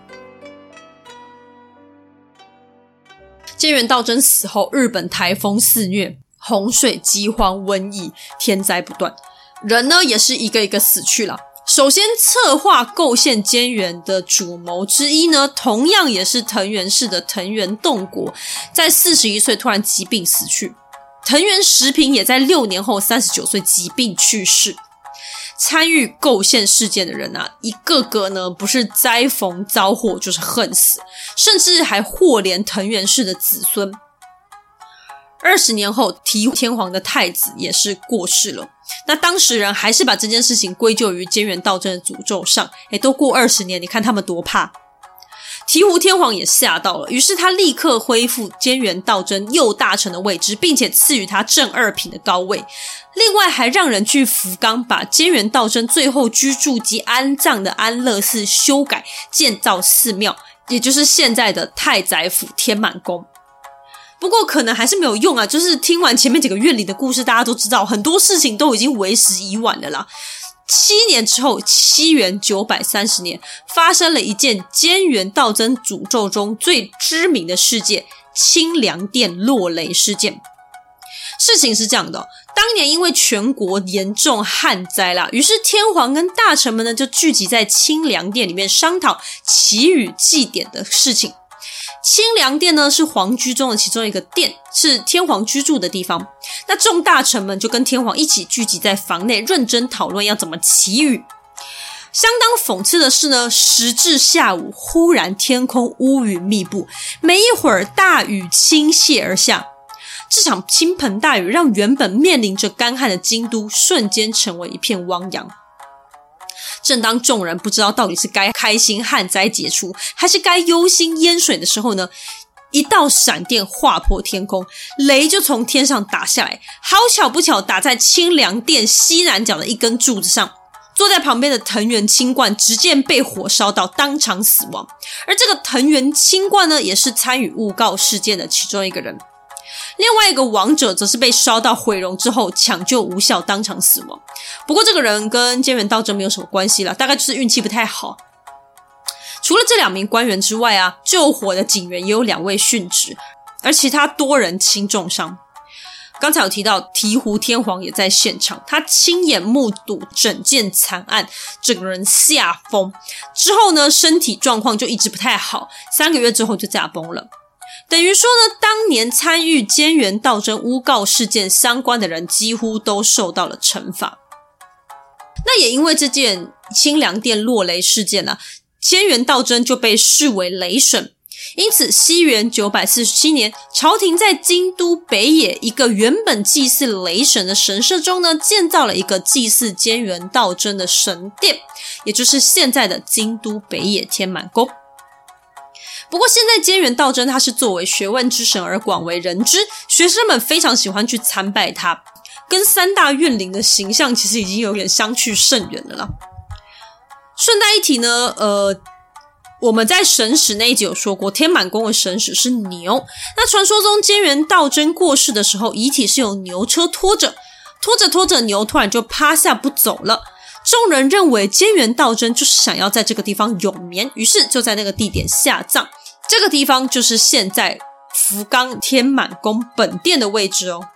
菅原道真死後，日本台風肆虐、洪水、饑荒、瘟疫、天災不斷，人呢也是一個一個死去了。首先策劃構陷菅原的主謀之一呢，同樣也是藤原氏的藤原洞國，在四十一歲突然疾病死去。藤原時平也在六年後三十九歲疾病去世。參與構陷事件的人啊，一個個呢不是災逢遭禍，就是恨死，甚至還禍連藤原氏的子孫。二十年後，醍醐天皇的太子也是過世了。那當時人還是把這件事情歸咎於菅原道真的詛咒上。誒，都過二十年，你看他們多怕。醍醐天皇也嚇到了，於是他立刻恢復菅原道真右大臣的位置，並且賜予他正二品的高位。另外，還讓人去福岡把菅原道真最後居住及安葬的安樂寺修改建造寺廟，也就是現在的太宰府天滿宮。不過，可能還是沒有用啊！就是聽完前面幾個怨靈的故事，大家都知道很多事情都已經為時已晚了啦。七年之後，西元九百三十年發生了一件菅原道真詛咒中最知名的事件，清涼殿落雷事件。事情是這樣的哦，當年因為全國嚴重旱災啦，於是天皇跟大臣們呢就聚集在清涼殿裡面商討祈雨祭典的事情。清涼殿呢，是皇居中的其中一個殿，是天皇居住的地方。那眾大臣們就跟天皇一起聚集在房內，認真討論要怎麼祈雨。相當諷刺的是呢，時至下午，忽然天空烏雲密布，沒一會兒大雨傾瀉而下。這場傾盆大雨讓原本面臨着乾旱的京都，瞬間成為一片汪洋。正當眾人不知道到底是該開心旱災解除，還是該憂心淹水的時候呢，一道閃電劃破天空，雷就從天上打下來，好巧不巧打在清涼殿西南角的一根柱子上，坐在旁邊的藤原清貫直接被火燒到當場死亡，而這個藤原清貫呢，也是參與誣告事件的其中一個人。另外一個亡者則是被燒到毀容之後搶救無效當場死亡。不過這個人跟菅原道真沒有什麼關係了，大概就是運氣不太好。除了這兩名官員之外啊，救火的警員也有兩位殉職，而其他多人輕重傷。剛才有提到醍醐天皇也在現場，他親眼目睹整件慘案，整個人嚇瘋，之後呢，身體狀況就一直不太好，三個月之後就駕崩了。等於說呢，當年參與菅原道真誣告事件相關的人幾乎都受到了懲罰。那也因為這件清涼殿落雷事件呢、啊，菅原道真就被視為雷神。因此，西元九百四十七年，朝廷在京都北野一個原本祭祀雷神的神社中呢，建造了一個祭祀菅原道真的神殿，也就是現在的京都北野天滿宮。不過現在菅原道真他是作為學問之神而廣為人知，學生們非常喜歡去參拜他，跟三大怨靈的形象其實已經有點相去甚遠的了。順帶一提呢，呃，我們在神使那一集有說過，天滿宮的神使是牛。那傳說中菅原道真過世的時候，遺體是由牛車拖着，拖着拖着牛突然就趴下不走了。眾人認為菅原道真就是想要在這個地方永眠，於是就在那個地點下葬。這個地方就是現在福岡天滿宮本殿的位置哦。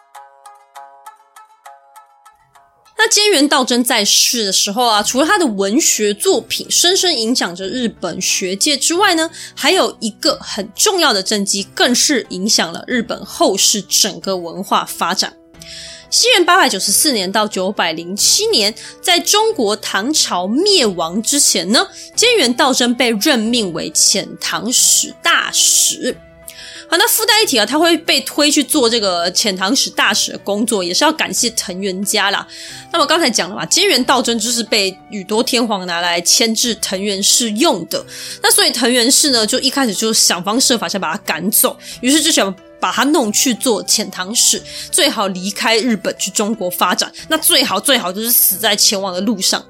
那菅原道真在世的時候啊，除了他的文學作品深深影響着日本學界之外呢，還有一個很重要的政績，更是影響了日本後世整個文化發展。西元八百九十四年到九百零七年，在中國唐朝滅亡之前呢，菅原道真被任命為遣唐使大使。好，那附帶一提啊，他會被推去做這個遣唐使大使的工作，也是要感謝藤原家啦。那麼剛才講了嘛，菅原道真就是被宇多天皇拿來牽制藤原氏用的。那所以藤原氏呢，就一開始就想方設法想把他趕走，於是就想。把他弄去做遣唐使，最好離開日本去中國發展。那最好最好就是死在前往的路上。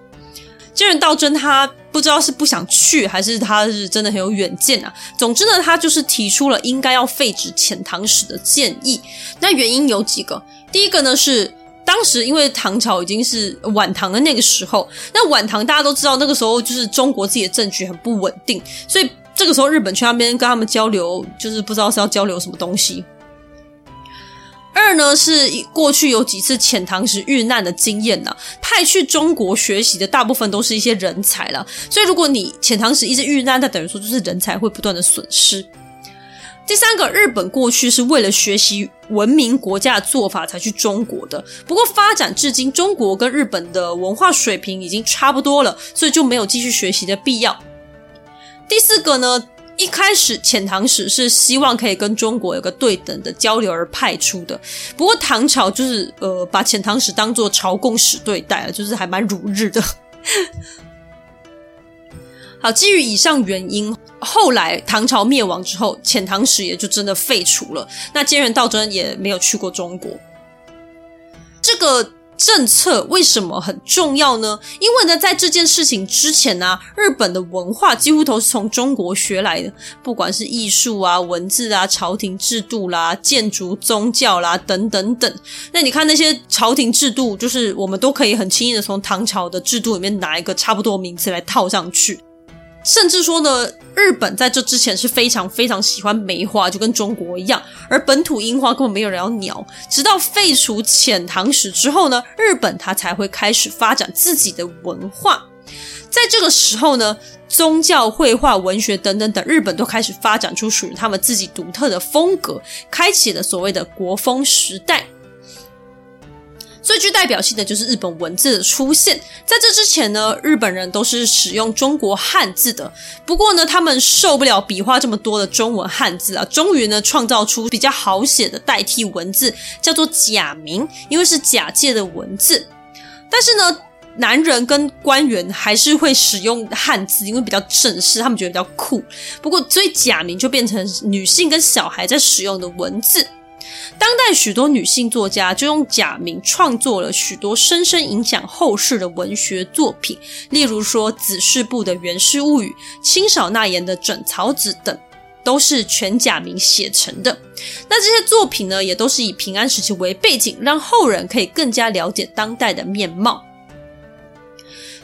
菅原道真他不知道是不想去，還是他是真的很有遠見啊。總之呢，他就是提出了應該要廢止遣唐使的建議。那原因有幾個，第一個呢是當時因為唐朝已經是晚唐的那個時候，那晚唐大家都知道，那個時候就是中國自己的政局很不穩定，所以。這個時候，日本去那邊跟他們交流，就是不知道是要交流什麼東西。二呢是過去有幾次遣唐使遇難的經驗呢，派去中國學習的大部分都是一些人才啦，所以如果你遣唐使一直遇難，那等於說就是人才會不斷的損失。第三個，日本過去是為了學習文明國家的做法才去中國的，不過發展至今，中國跟日本的文化水平已經差不多了，所以就沒有繼續學習的必要。第四個呢，一開始遣唐使是希望可以跟中國有個對等的交流而派出的，不過唐朝就是呃把遣唐使當做朝貢使對待了，就是還蠻辱日的。 好，基於以上原因，後來唐朝滅亡之後，遣唐使也就真的廢除了，那菅原道真也沒有去過中國，這個。政策為什麼很重要呢？因為呢，在這件事情之前呢、啊，日本的文化幾乎都是從中國學來的，不管是藝術啊、文字啊、朝廷制度啦、建築、宗教啦等等等。那你看那些朝廷制度，就是我們都可以很輕易的從唐朝的制度裡面拿一個差不多名詞來套上去。甚至說呢，日本在這之前是非常非常喜歡梅花，就跟中國一樣，而本土櫻花根本沒有人要鳥。直到廢除遣唐使之後呢，日本它才會開始發展自己的文化。在這個時候呢，宗教、繪畫、文學等等等，日本都開始發展出屬於他們自己獨特的風格，開啟了所謂的國風時代。最具代表性的就是日本文字的出現，在這之前呢，日本人都是使用中國漢字的。不過呢，他們受不了筆畫這麼多的中文漢字啊，終於呢創造出比較好寫的代替文字，叫做假名，因為是假借的文字。但是呢，男人跟官員還是會使用漢字，因為比較正式，他們覺得比較酷。不過，所以假名就變成女性跟小孩在使用的文字。當代許多女性作家就用假名創作了許多深深影響後世的文學作品，例如說紫式部的《源氏物語》、清少納言的《枕草子》等，都是全假名寫成的。那這些作品呢，也都是以平安時期為背景，讓後人可以更加了解當代的面貌。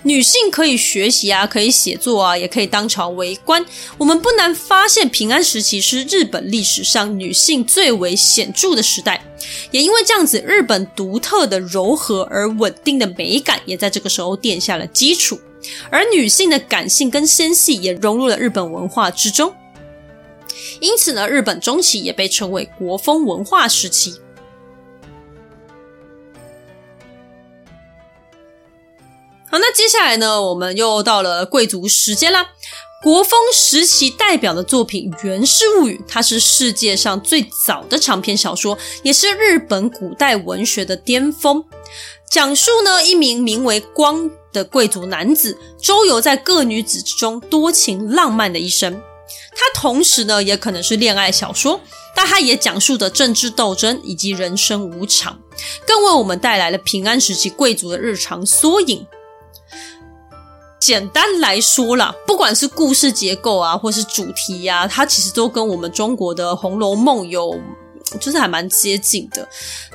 女性可以學習啊，可以寫作啊，也可以當朝為官。我們不難發現，平安時期是日本歷史上女性最為顯著的時代。也因為這樣子，日本獨特的柔和而穩定的美感，也在這個時候奠下了基礎。而女性的感性跟纖細，也融入了日本文化之中。因此呢，日本中期也被稱為國風文化時期。好，那接下來呢，我們又到了貴族時間啦。國風時期代表的作品《源氏物語》，它是世界上最早的長篇小說，也是日本古代文學的巔峰。講述呢，一名名為光的貴族男子周遊在各女子之中多情浪漫的一生。他同時呢，也可能是戀愛小說，但他也講述的政治鬥爭以及人生無常，更為我們帶來了平安時期貴族的日常縮影。簡單來說啦，不管是故事結構啊，或是主題呀，啊，它其實都跟我們中國的《紅樓夢》有，就是還蠻接近的。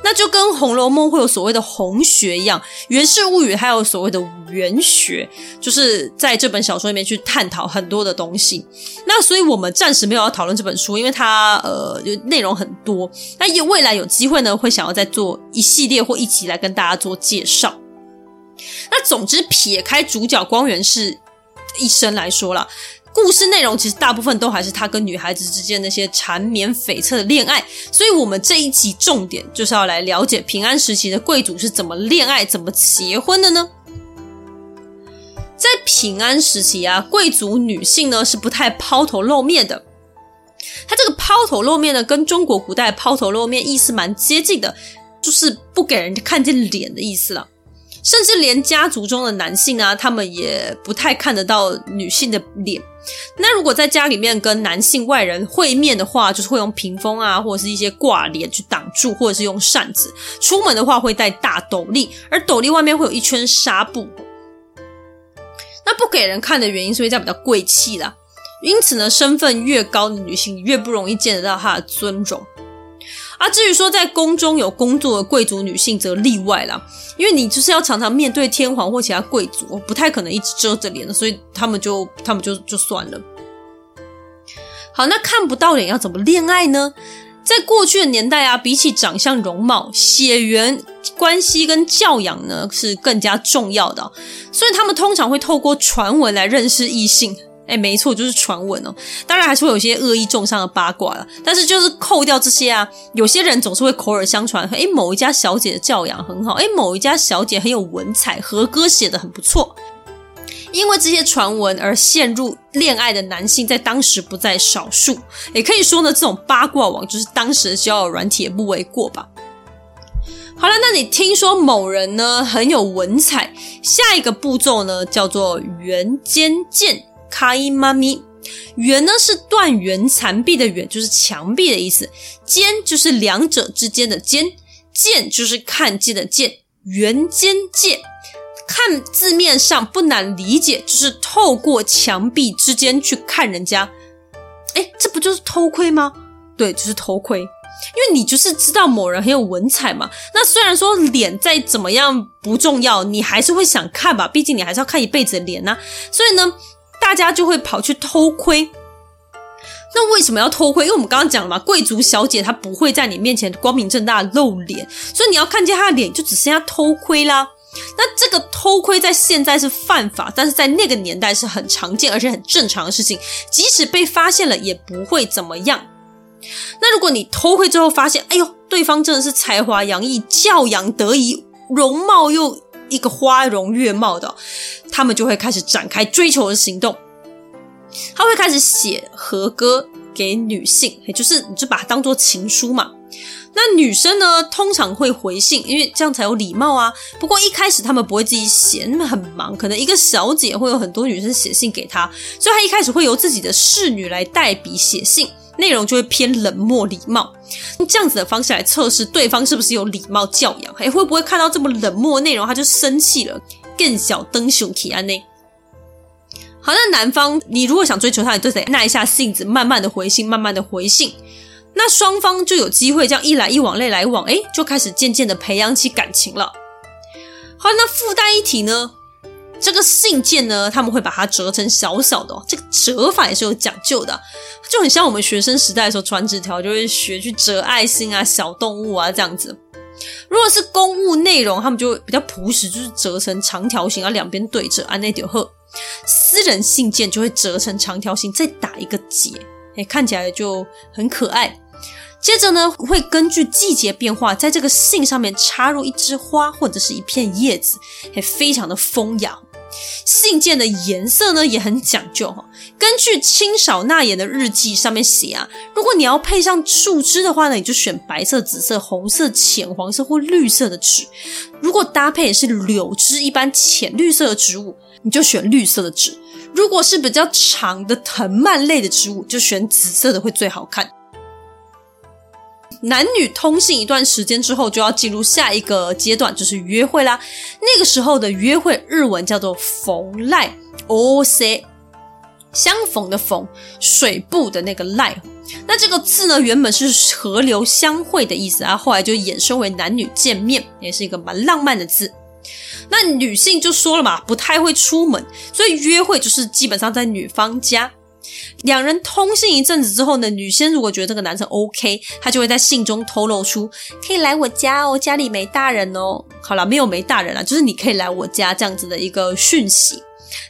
那就跟《紅樓夢》會有所謂的“紅學”一樣，《源氏物語》還有所謂的“源學”，就是在這本小說裡面去探討很多的東西。那所以我們暫時沒有要討論這本書，因為它呃內容很多。那未來有機會呢，會想要再做一系列或一集來跟大家做介紹。那總之，撇開主角光源氏一生來說了，故事內容其實大部分都還是他跟女孩子之間那些纏綿悱惻的戀愛。所以，我們這一集重點就是要來了解平安時期的貴族是怎麼戀愛、怎麼結婚的呢？在平安時期啊，貴族女性呢是不太拋頭露面的。她這個拋頭露面呢，跟中國古代拋頭露面意思蠻接近的，就是不給人看見臉的意思了。甚至連家族中的男性啊，他們也不太看得到女性的臉。那如果在家裡面跟男性外人會面的話，就是會用屏風啊，或者是一些掛簾去擋住，或者是用扇子。出門的話會戴大斗笠，而斗笠外面會有一圈紗布。那不給人看的原因是因為這樣比較貴氣啦。因此呢，身份越高的女性越不容易見得到她的尊容。啊，至於說在宮中有工作的貴族女性則例外啦，因為你就是要常常面對天皇或其他貴族，不太可能一直遮着臉，所以他們就，他們就，就算了。好，那看不到臉要怎麼戀愛呢？在過去的年代啊，比起長相容貌，血緣關係跟教養呢，是更加重要的，所以他們通常會透過傳聞來認識異性。哎，沒錯，就是傳聞哦。當然還是會有些惡意中傷的八卦啦。但是就是扣掉這些啊，有些人總是會口耳相傳。哎，某一家小姐的教養很好，哎，某一家小姐很有文采，和歌寫得很不錯。因為這些傳聞而陷入戀愛的男性，在當時不在少數。也可以說呢，這種八卦網就是當時的交友軟體也不為過吧。好了，那你聽說某人呢很有文采，下一個步驟呢叫做垣間見。卡伊媽咪，垣呢是斷垣、殘壁的垣，就是牆壁的意思；間就是兩者之間的間，見就是看見的見。垣間見，看字面上不難理解，就是透過牆壁之間去看人家。哎，這不就是偷窺嗎？對，就是偷窺。因為你就是知道某人很有文采嘛。那雖然說臉再怎麼樣不重要，你還是會想看吧？畢竟你還是要看一輩子的臉吶、啊。所以呢，大家就會跑去偷窺，那為什麼要偷窺？因為我們剛剛講了嘛，貴族小姐她不會在你面前光明正大的露臉，所以你要看見她的臉，就只剩下偷窺啦。那這個偷窺在現在是犯法，但是在那個年代是很常見而且很正常的事情，即使被發現了也不會怎麼樣。那如果你偷窺之後發現，哎呦，對方真的是才華洋溢、教養得宜、容貌又……一個花容月貌的，他們就會開始展開追求的行動。他會開始寫和歌給女性，也就是你就把它當做情書嘛。那女生呢，通常會回信，因為這樣才有禮貌啊。不過一開始他們不會自己寫，他們很忙，可能一個小姐會有很多女生寫信給他，所以他一開始會由自己的侍女來代筆寫信。內容就會偏冷漠禮貌，用這樣子的方式來測試對方是不是有禮貌教養，哎、欸，會不會看到這麼冷漠的內容他就生氣了？更小登熊提案呢？好，那男方你如果想追求他，你就得耐一下性子，慢慢的回信，慢慢的回信，那雙方就有機會這樣一來一往累來來往，哎、欸，就開始漸漸的培養起感情了。好，那附帶一提呢？這個信件呢，他們會把它折成小小的，這個折法也是有講究的，就很像我們學生時代的時候傳紙條，就會學去折愛心啊、小動物啊這樣子。如果是公務內容，他們就會比較樸實，就是折成長條形，啊兩邊對折。啊，那條鶴私人信件就會折成長條形，再打一個結，欸，看起來就很可愛。接着呢，會根據季節變化，在這個信上面插入一枝花或者是一片葉子，也、欸，非常的風雅。信件的顏色呢，也很講究哈。根據清少納言的日記上面寫啊，如果你要配上樹枝的話呢，你就選白色、紫色、紅色、淺黃色或綠色的紙。如果搭配也是柳枝一般淺綠色的植物，你就選綠色的紙。如果是比較長的藤蔓類的植物，就選紫色的會最好看。男女通信一段時間之後，就要進入下一個階段，就是約會啦。那個時候的約會日文叫做逢瀨，哦塞。相逢的逢，水部的那個賴。那這個字呢，原本是河流相會的意思啊，後來就衍生為男女見面，也是一個蠻浪漫的字。那女性就說了嘛，不太會出門，所以約會就是基本上在女方家。兩人通信一陣子之後呢，女生如果覺得這個男生 OK，她就會在信中透露出「可以來我家哦，家裡沒大人哦。好了，沒有沒大人了，就是你可以來我家這樣子的一個訊息。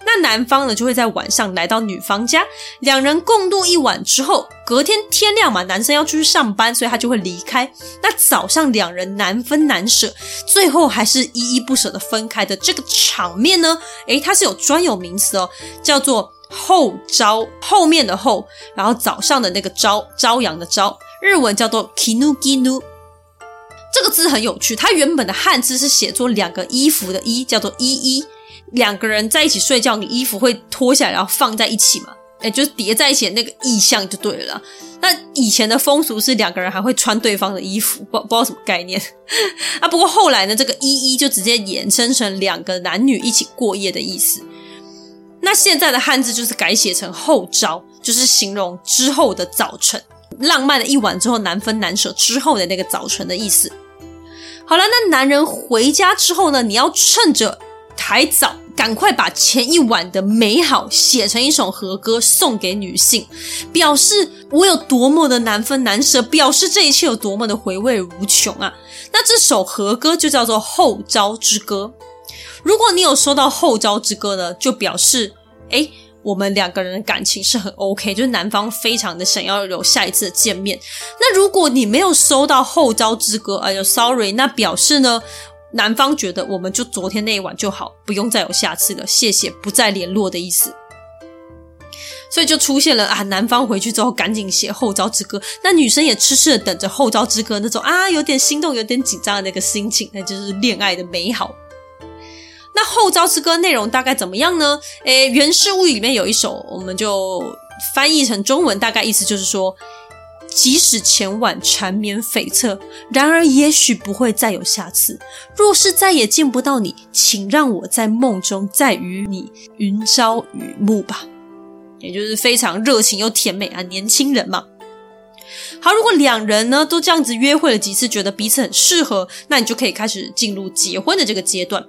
那男方呢，就會在晚上來到女方家，兩人共度一晚之後，隔天天亮嘛，男生要出去上班，所以他就會離開。那早上兩人難分難舍，最後還是依依不舍的分開的這個場面呢，誒，它是有專有名詞哦，叫做。後朝，後面的後，然後早上的那個朝，朝陽的朝，日文叫做 kinuginu。這個字很有趣，它原本的漢字是寫作兩個衣服的衣，叫做衣衣。兩個人在一起睡覺，你衣服會脫下來然後放在一起嘛。哎，就是疊在一起的那個意象就對了。那以前的風俗是兩個人還會穿對方的衣服，不不知道什麼概念啊。不過後來呢，這個衣衣就直接衍生成兩個男女一起過夜的意思。那現在的漢字就是改寫成“後朝”，就是形容之後的早晨，浪漫了一晚之後難分難捨之後的那個早晨的意思。好了，那男人回家之後呢，你要趁着還早，趕快把前一晚的美好寫成一首和歌送給女性，表示我有多麼的難分難捨，表示這一切有多麼的回味無窮啊。那這首和歌就叫做《後朝之歌》。如果你有收到後朝之歌呢，就表示哎、欸，我們兩個人的感情是很 OK，就是男方非常的想要有下一次的見面。那如果你沒有收到後朝之歌，哎呦，sorry，那表示呢，男方覺得我們就昨天那一晚就好，不用再有下次了，謝謝，不再聯絡的意思。所以就出現了啊，男方回去之後趕緊寫後朝之歌，那女生也痴痴的等着後朝之歌那種啊，有點心動，有點緊張的那個心情，那就是戀愛的美好。那後朝之歌內容大概怎麼樣呢？誒，源氏物語裡面有一首，我們就翻譯成中文，大概意思就是說：即使前晚纏綿悱惻，然而也許不會再有下次。若是再也見不到你，請讓我在夢中再與你雲朝雨暮吧。也就是非常熱情又甜美啊，年輕人嘛。好，如果兩人呢都這樣子約會了幾次，覺得彼此很適合，那你就可以開始進入結婚的這個階段。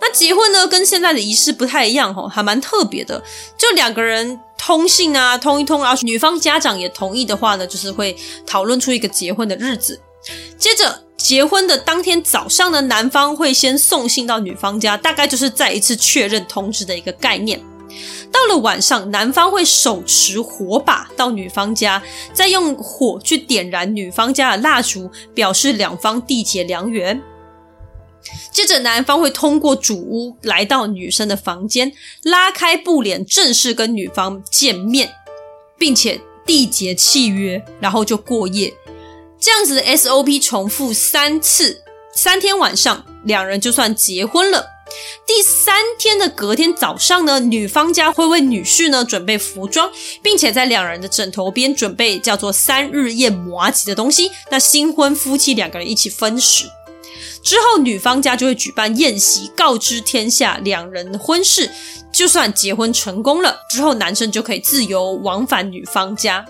那結婚呢，跟現在的儀式不太一樣哦，還蠻特別的。就兩個人通信啊，通一通、啊，然後女方家長也同意的話呢，就是會討論出一個結婚的日子。接着結婚的當天早上呢，男方會先送信到女方家，大概就是再一次確認通知的一個概念。到了晚上，男方會手持火把到女方家，再用火去點燃女方家的蠟燭，表示兩方締結良緣。接着，男方會通過主屋來到女生的房間，拉開布簾，正式跟女方見面，並且締結契約，然後就過夜。這樣子的 SOP 重複三次，三天晚上兩人就算結婚了。第三天的隔天早上呢，女方家會為女婿呢準備服裝，並且在兩人的枕頭邊準備叫做“三日夜麻糬”的東西。那新婚夫妻兩個人一起分食。之後，女方家就會舉辦宴席，告知天下兩人婚事，就算結婚成功了，之後男生就可以自由往返女方家。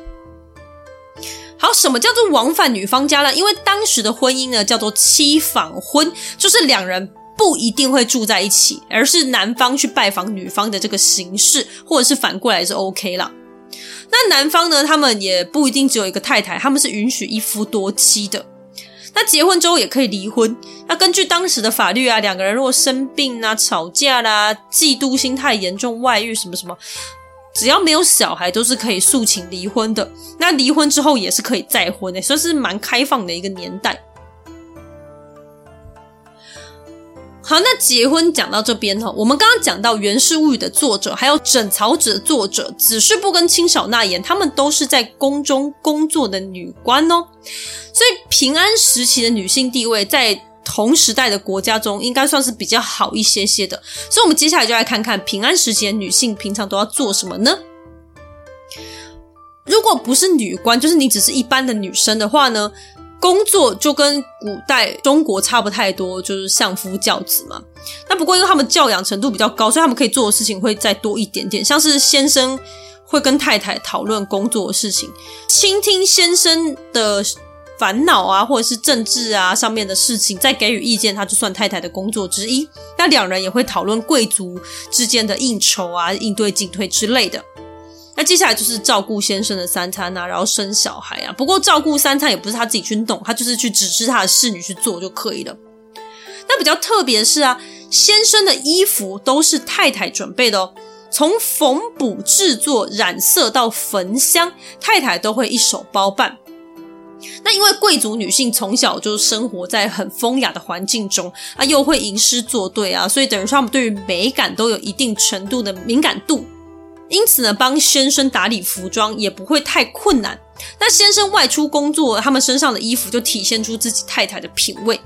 好，什麼叫做往返女方家呢？因為當時的婚姻呢叫做妻訪婚，就是兩人不一定會住在一起，而是男方去拜訪女方的這個形式，或者是反過來是 OK 了。那男方呢，他們也不一定只有一個太太，他們是允許一夫多妻的。那結婚之後也可以離婚。那根據當時的法律啊，兩個人如果生病啊，吵架啦、啊、嫉妒心態嚴重、外遇什麼什麼，只要沒有小孩，都是可以訴請離婚的。那離婚之後也是可以再婚的、欸，所以是蠻開放的一個年代。好，那結婚講到這邊呢，我們剛剛講到《源氏物語》的作者，還有《枕草子》的作者，只是不跟清少納言，他們都是在宮中工作的女官哦、喔。所以平安時期的女性地位，在同時代的國家中，應該算是比較好一些些的。所以，我們接下來就來看看平安時期的女性平常都要做什麼呢？如果不是女官，就是你只是一般的女生的話呢？工作就跟古代中國差不太多，就是相夫教子嘛。那不過因為他們教養程度比較高，所以他們可以做的事情會再多一點點。像是先生會跟太太討論工作的事情，傾聽先生的煩惱啊，或者是政治啊上面的事情，再給予意見，他就算太太的工作之一。那兩人也會討論貴族之間的應酬啊，應對進退之類的。那接下來就是照顧先生的三餐啊，然後生小孩啊。不過照顧三餐也不是他自己去弄，他就是去指示他的侍女去做就可以了。那比較特別的是啊，先生的衣服都是太太準備的哦，從縫補、製作、染色到焚香，太太都會一手包辦。那因為貴族女性從小就生活在很風雅的環境中，啊，又會吟詩作對啊，所以等於說她們對於美感都有一定程度的敏感度。因此呢，幫先生打理服裝也不會太困難。那先生外出工作，他們身上的衣服就體現出自己太太的品味。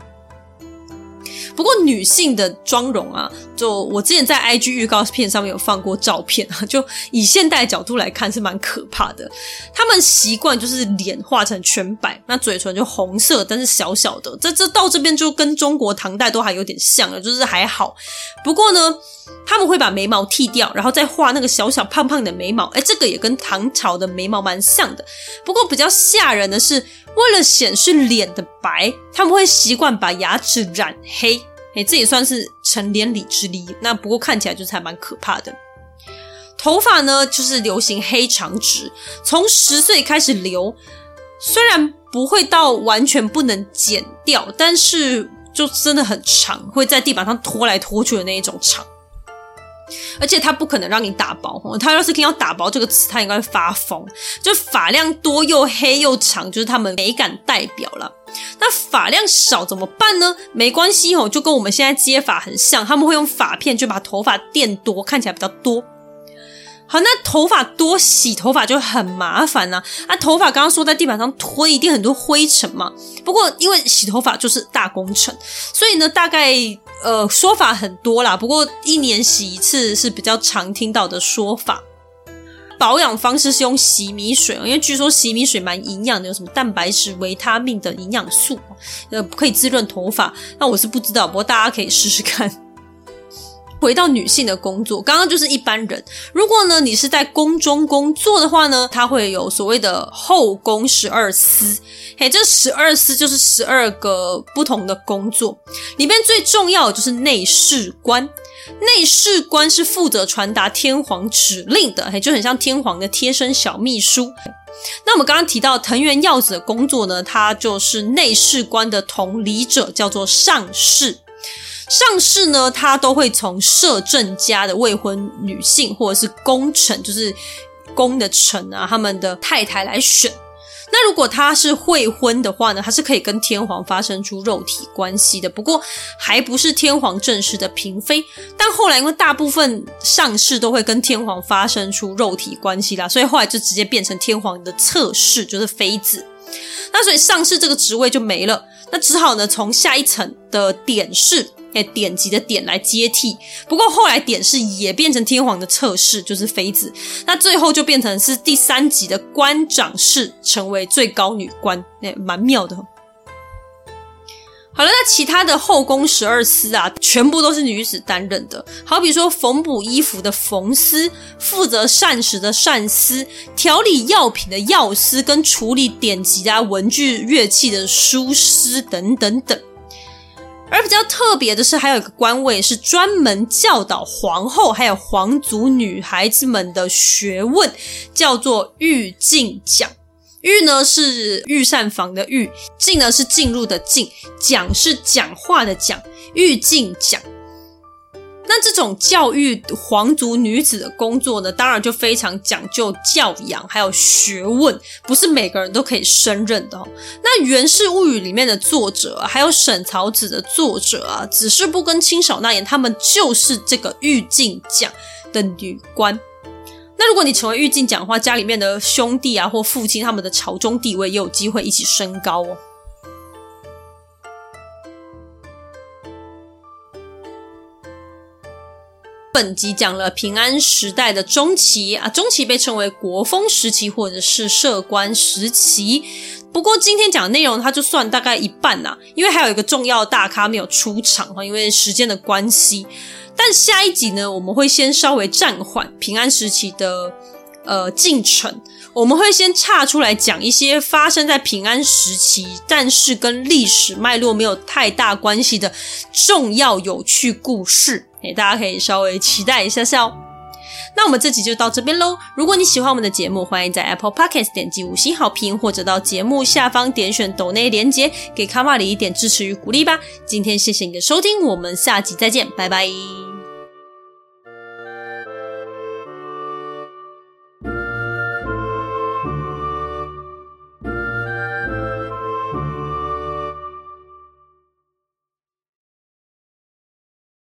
不過女性的妝容啊，就我之前在 IG 預告片上面有放過照片啊，就以現代的角度來看是蠻可怕的。她們習慣就是臉畫成全白，那嘴唇就紅色，但是小小的。這這到這邊就跟中國唐代都還有點像了，就是還好。不過呢，他們會把眉毛剃掉，然後再畫那個小小胖胖的眉毛。誒，這個也跟唐朝的眉毛蠻像的。不過比較嚇人的是，為了顯示臉的白，他們會習慣把牙齒染黑。黑，哎，這也算是成年禮之一。那不過看起來就是還蠻可怕的。頭髮呢，就是流行黑長直，從十歲開始留，雖然不會到完全不能剪掉，但是就真的很長，會在地板上拖來拖去的那一種長。而且他不可能讓你打薄哦，他要是聽到“打薄”這個詞，他應該會發瘋。就是髮量多又黑又長，就是他們美感代表了。那髮量少怎麼辦呢？沒關係哦，就跟我們現在接髮很像，他們會用髮片就把頭髮墊多，看起來比較多。好，那頭髮多洗頭髮就很麻煩啦。啊，啊，頭髮剛剛說在地板上拖一定很多灰塵嘛。不過因為洗頭髮就是大工程，所以呢大概呃說法很多啦。不過一年洗一次是比較常聽到的說法。保養方式是用洗米水，因為據說洗米水蠻營養的，有什麼蛋白質、維他命等營養素，呃可以滋潤頭髮。那我是不知道，不過大家可以試試看。回到女性的工作，剛剛就是一般人。如果呢，你是在宮中工作的話呢，它會有所謂的後宮十二司。嘿，這十二司就是十二個不同的工作，裡面最重要的就是內侍官。內侍官是負責傳達天皇指令的，嘿，就很像天皇的貼身小秘書。那我們剛剛提到藤原耀子的工作呢，他就是內侍官的同理者，叫做上侍。上室呢，他都會從攝政家的未婚女性，或者是功臣，就是功的臣啊，他們的太太來選。那如果他是未婚的話呢，他是可以跟天皇發生出肉體關係的，不過還不是天皇正式的嬪妃。但後來因為大部分上室都會跟天皇發生出肉體關係啦，所以後來就直接變成天皇的側室，就是妃子。那所以，上士這個職位就沒了，那只好呢從下一層的典士，哎、欸，典籍的典來接替。不過後來典士也變成天皇的側室，就是妃子。那最後就變成是第三級的官長室，成為最高女官，哎、欸，蠻妙的。好了，那其他的後宮十二司啊，全部都是女子擔任的。好比說縫補衣服的縫司，負責膳食的膳司，調理藥品的藥司，跟處理典籍啊、文具、樂器的書司等等等。而比較特別的是，還有一個官位是專門教導皇後還有皇族女孩子們的學問，叫做御進講。御呢是御膳房的御，進呢是進入的進，講是講話的講，御進講。那這種教育皇族女子的工作呢，當然就非常講究教養，還有學問，不是每個人都可以勝任的哦。那《源氏物語》裡面的作者啊，還有《枕草子》的作者啊，紫式部跟清少納言，他們就是這個御進講的女官。那如果你成為玉鏡講的話，家裡面的兄弟啊，或父親他們的朝中地位也有機會一起升高哦。本集講了平安時代的中期啊，中期被稱為國風時期，或者是攝關時期。不過今天講的內容，它就算大概一半啦，啊，因為還有一個重要大咖沒有出場哈，因為時間的關係。但下一集呢，我們會先稍微暫緩平安時期的呃進程，我們會先岔出來講一些發生在平安時期，但是跟歷史脈絡沒有太大關係的重要有趣故事，哎，大家可以稍微期待一下下哦。那我們這集就到這邊嘍。如果你喜歡我們的節目，歡迎在 Apple Podcast 點擊五星好評，或者到節目下方點選抖內連結，給卡瑪里一點支持與鼓勵吧。今天謝謝你的收聽，我們下集再見，拜拜。